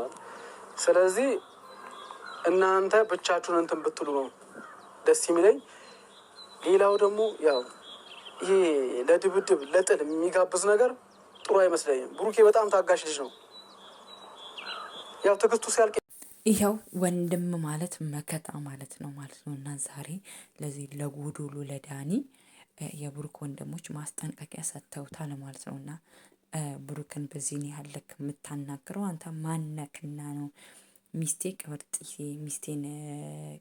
ናት። ስለዚህ እናንተ ብቻችሁን እንትን ብትሉ ነው ደስ የሚለኝ። ሌላው ደግሞ ያው ይሄ ለድብድብ ለጥል የሚጋብዝ ነገር ጥሩ አይመስለኝም። ብሩኬ በጣም ታጋሽ ልጅ ነው። ያው ትዕግስቱ ሲያልቅ ይኸው ወንድም ማለት መከታ ማለት ነው ማለት ነው። እና ዛሬ ለዚህ ለጎዶሎ ለዳኒ የብሩክ ወንድሞች ማስጠንቀቂያ ሰጥተውታል ማለት ነው እና ብሩክን በዚህን ያህል ልክ የምታናግረው አንተ ማነክና ነው? ሚስቴ ቅብርጥ ሚስቴን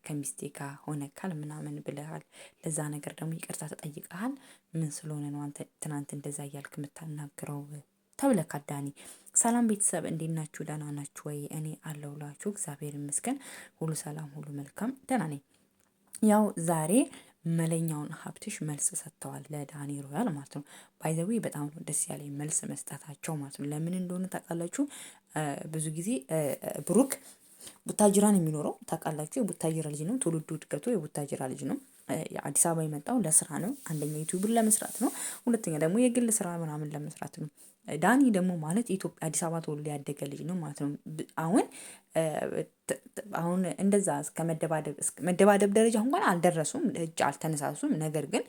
ከሚስቴ ጋር ሆነካል ምናምን ብለሃል። ለዛ ነገር ደግሞ ይቅርታ ተጠይቀሃል። ምን ስለሆነ ነው አንተ ትናንት እንደዛ እያልክ የምታናግረው ተብለካል። ዳኒ ሰላም ቤተሰብ እንዴት ናችሁ? ደህና ናችሁ ወይ? እኔ አለሁላችሁ እግዚአብሔር ይመስገን። ሁሉ ሰላም፣ ሁሉ መልካም፣ ደህና ነኝ። ያው ዛሬ መለኛውን ሀብትሽ መልስ ሰጥተዋል ለዳኒ ሮያል ማለት ነው። ባይዘዊ በጣም ደስ ያለ መልስ መስጠታቸው ማለት ነው። ለምን እንደሆነ ታውቃላችሁ? ብዙ ጊዜ ብሩክ ቡታጅራን የሚኖረው ታውቃላችሁ። የቡታጅራ ልጅ ነው። ትውልዱ እድገቱ የቡታጅራ ልጅ ነው። አዲስ አበባ የመጣው ለስራ ነው። አንደኛ ዩቲዩብን ለመስራት ነው። ሁለተኛ ደግሞ የግል ስራ ምናምን ለመስራት ነው። ዳኒ ደግሞ ማለት ኢትዮጵያ አዲስ አበባ ተወልዶ ያደገ ልጅ ነው ማለት ነው። አሁን አሁን እንደዛ እስከ መደባደብ መደባደብ ደረጃ እንኳን አልደረሱም፣ እጅ አልተነሳሱም። ነገር ግን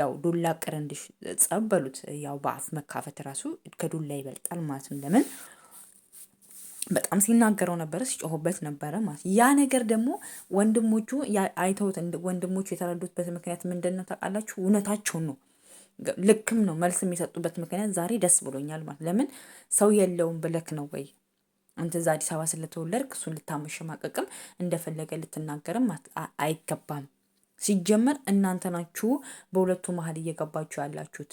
ያው ዱላ ቅርንድሽ ጸበሉት። ያው በአፍ መካፈት ራሱ ከዱላ ይበልጣል ማለት ነው። ለምን በጣም ሲናገረው ነበረ፣ ሲጮሁበት ነበረ ማለት ያ ነገር ደግሞ ወንድሞቹ አይተውት ወንድሞቹ የተረዱትበት ምክንያት ምንድን ነው ታውቃላችሁ? እውነታቸውን ነው። ልክም ነው መልስ የሚሰጡበት ምክንያት ዛሬ ደስ ብሎኛል ማለት ለምን ሰው የለውም ብለክ ነው ወይ አንተ እዛ አዲስ አበባ ስለተወለድክ እሱን ልታመሸማቀቅም እንደፈለገ ልትናገርም አይገባም። ሲጀመር እናንተ ናችሁ በሁለቱ መሀል እየገባችሁ ያላችሁት።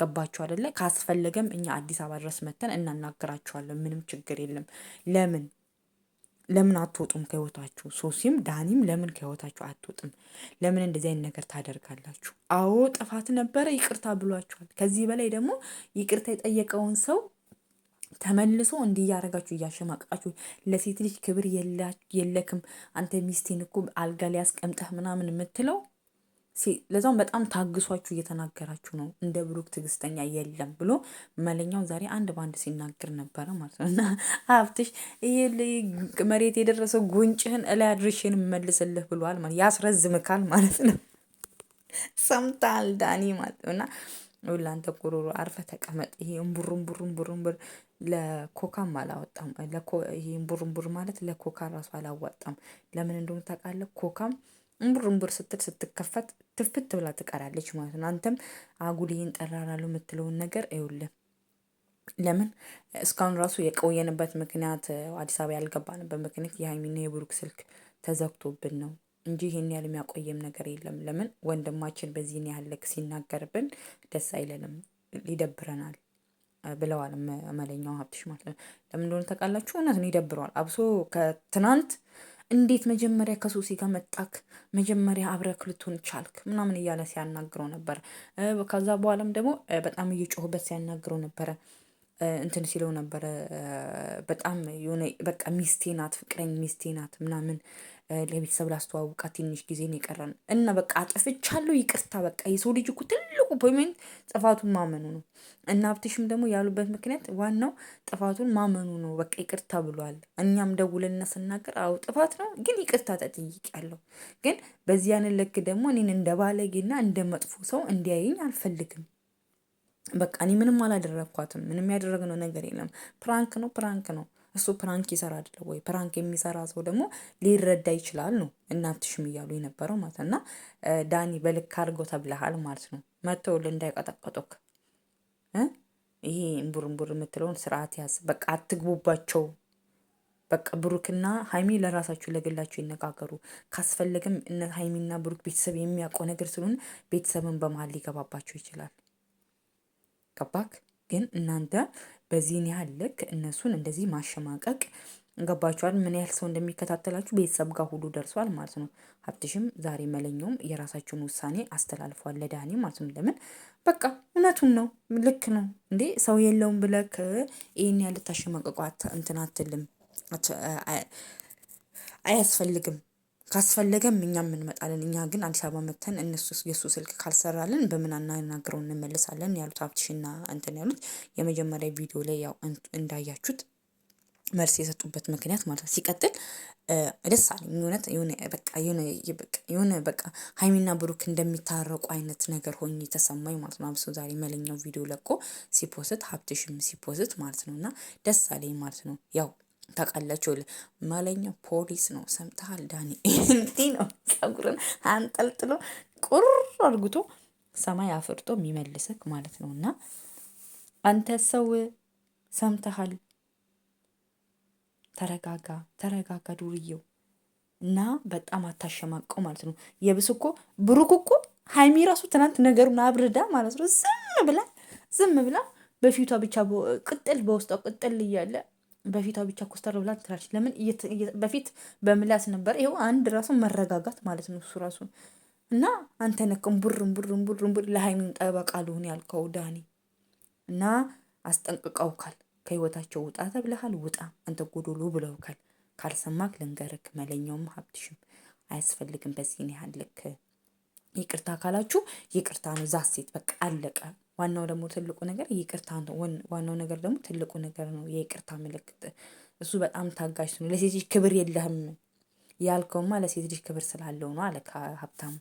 ገባችሁ አደለ? ካስፈለገም እኛ አዲስ አበባ ድረስ መተን እናናገራችኋለን። ምንም ችግር የለም። ለምን ለምን አትወጡም ከህይወታችሁ? ሶሲም ዳኒም ለምን ከህይወታችሁ አትወጥም? ለምን እንደዚህ አይነት ነገር ታደርጋላችሁ? አዎ ጥፋት ነበረ፣ ይቅርታ ብሏችኋል። ከዚህ በላይ ደግሞ ይቅርታ የጠየቀውን ሰው ተመልሶ እንዲህ እያደረጋችሁ እያሸማቀቃችሁ፣ ለሴት ልጅ ክብር የለክም አንተ ሚስቴን እኮ አልጋ ሊያስቀምጠህ ምናምን የምትለው ለዛውም በጣም ታግሷችሁ እየተናገራችሁ ነው። እንደ ብሩክ ትዕግስተኛ የለም ብሎ መለኛው ዛሬ አንድ በአንድ ሲናገር ነበረ ማለት ነው። እና ሀብትሽ መሬት የደረሰው ጉንጭህን እላይ አድርሼን መልስልህ ብሏል ማለት ያስረዝምካል ማለት ነው። ሰምታል ዳኒ ማለት ነው። እና ሁላንተ ቁሩሩ አርፈ ተቀመጥ። ይሄ እምቡሩም ቡሩም ቡሩም ብር ለኮካም አላወጣም። ይሄ እምቡሩም ቡር ማለት ለኮካ ራሱ አላዋጣም። ለምን እንደሆነ ታውቃለህ? ኮካም እምቡር እምቡር ስትል ስትከፈት ትፍት ብላ ትቀራለች ማለት ነው። አንተም አጉልይን ጠራራሉ የምትለውን ነገር ይውልህ። ለምን እስካሁን ራሱ የቆየንበት ምክንያት አዲስ አበባ ያልገባንበት ምክንያት የሀይሚና የብሩክ ስልክ ተዘግቶብን ነው እንጂ ይህን ያህል የሚያቆየም ነገር የለም። ለምን ወንድማችን በዚህን ያህል ልክ ሲናገርብን ደስ አይለንም፣ ይደብረናል ብለዋል መለኛው ሀብትሽ ማለት ነው። ለምን እንደሆነ ታውቃላችሁ? እውነት ነው፣ ይደብረዋል አብሶ ከትናንት እንዴት መጀመሪያ ከሱሲ ጋር መጣክ? መጀመሪያ አብረክ ልትሆን ቻልክ? ምናምን እያለ ሲያናግረው ነበረ። ከዛ በኋላም ደግሞ በጣም እየጮህበት ሲያናግረው ነበረ። እንትን ሲለው ነበረ። በጣም የሆነ በቃ ሚስቴ ናት፣ ፍቅረኝ ሚስቴ ናት ምናምን ለቤተሰብ ላስተዋውቃ ትንሽ ጊዜ ነው የቀረን እና በቃ አጥፍቻለሁ፣ ይቅርታ በቃ የሰው ልጅ እኮ ትልቁ ፖይንት ጥፋቱን ማመኑ ነው። እና ሀብትሽም ደግሞ ያሉበት ምክንያት ዋናው ጥፋቱን ማመኑ ነው። በቃ ይቅርታ ብሏል። እኛም ደውለና ስናገር አው ጥፋት ነው፣ ግን ይቅርታ ተጠይቄያለሁ። ግን በዚያን ልክ ደግሞ እኔን እንደ ባለጌና እንደ መጥፎ ሰው እንዲያይኝ አልፈልግም። በቃ እኔ ምንም አላደረግኳትም። ምንም ያደረግነው ነገር የለም። ፕራንክ ነው፣ ፕራንክ ነው። እሱ ፕራንክ ይሰራ አይደለ ወይ? ፕራንክ የሚሰራ ሰው ደግሞ ሊረዳ ይችላል ነው እናትሽም እያሉ የነበረው ማለት እና ዳኒ በልክ አድርጎ ተብለሃል ማለት ነው። መተውል እንዳይቀጠቀጡክ ይሄ እምቡር እምቡር የምትለውን ስርዓት ያዝ። በቃ አትግቡባቸው። በቃ ብሩክና ሀይሚ ለራሳችሁ ለግላችሁ ይነጋገሩ። ካስፈለግም እነ ሀይሚና ብሩክ ቤተሰብ የሚያውቀው ነገር ስለሆነ ቤተሰብን በመሀል ሊገባባቸው ይችላል። ገባክ? ግን እናንተ በዚህን ያህል ልክ እነሱን እንደዚህ ማሸማቀቅ ገባችኋል። ምን ያህል ሰው እንደሚከታተላችሁ ቤተሰብ ጋር ሁሉ ደርሷል ማለት ነው። ሀብትሽም ዛሬ መለኛውም የራሳቸውን ውሳኔ አስተላልፏል ለዳኒ ማለት ነው። ለምን በቃ እውነቱን ነው፣ ልክ ነው እንዴ ሰው የለውም ብለክ ይህን ያህል ልታሸማቀቁ እንትን አትልም፣ አያስፈልግም። ካስፈለገም እኛም እንመጣለን። እኛ ግን አዲስ አበባ መተን እነሱ የእሱ ስልክ ካልሰራልን በምን አናናግረው እንመለሳለን ያሉት ሀብትሽና እንትን ያሉት የመጀመሪያ ቪዲዮ ላይ ያው እንዳያችሁት መልስ የሰጡበት ምክንያት ማለት ነው። ሲቀጥል ደስ አለኝ እውነት የሆነ በቃ ሀይሚና ብሩክ እንደሚታረቁ አይነት ነገር ሆኝ የተሰማኝ ማለት ነው። አብሶ ዛሬ መለኛው ቪዲዮ ለቆ ሲፖስት ሀብትሽም ሲፖስት ማለት ነው እና ደስ አለኝ ማለት ነው ያው ታውቃላችሁ መለኛ ፖሊስ ነው። ሰምተሃል ዳኒ? እንቲ ነው ጸጉርን አንጠልጥሎ ቁር አርግቶ ሰማይ አፍርጦ የሚመልሰክ ማለት ነው። እና አንተ ሰው ሰምተሃል? ተረጋጋ፣ ተረጋጋ ተረጋጋ ዱርየው እና በጣም አታሸማቀው ማለት ነው። የብስ እኮ ብሩክ እኮ ሀይሚ ራሱ ትናንት ነገሩን አብርዳ ማለት ነው። ዝም ብላ ዝም ብላ በፊቷ ብቻ ቅጥል በውስጧ ቅጥል እያለ በፊቷ ብቻ ኮስተር ብላ ትላለች። ለምን በፊት በምላስ ነበር። ይኸው አንድ ራሱ መረጋጋት ማለት ነው እሱ ራሱ እና አንተ ነህ ቡር ቡር ቡር ቡር ለሀይሚን ጠበቃ ልሆን ያልከው ዳኒ እና አስጠንቅቀውካል። ከህይወታቸው ውጣ ተብለሃል። ውጣ አንተ ጎዶሎ ብለውካል። ካልሰማክ ልንገርክ መለኛውም ሀብትሽም አያስፈልግም። በዚህ ያህል ልክ ይቅርታ ካላችሁ ይቅርታ ነው። ዛሴት በቃ አለቀ። ዋናው ደግሞ ትልቁ ነገር ይቅርታ ነው። ዋናው ነገር ደግሞ ትልቁ ነገር ነው የይቅርታ ምልክት። እሱ በጣም ታጋሽ ነው። ለሴት ልጅ ክብር የለህም ያልከውማ ለሴት ልጅ ክብር ስላለው ነው አለ ሀብታሙ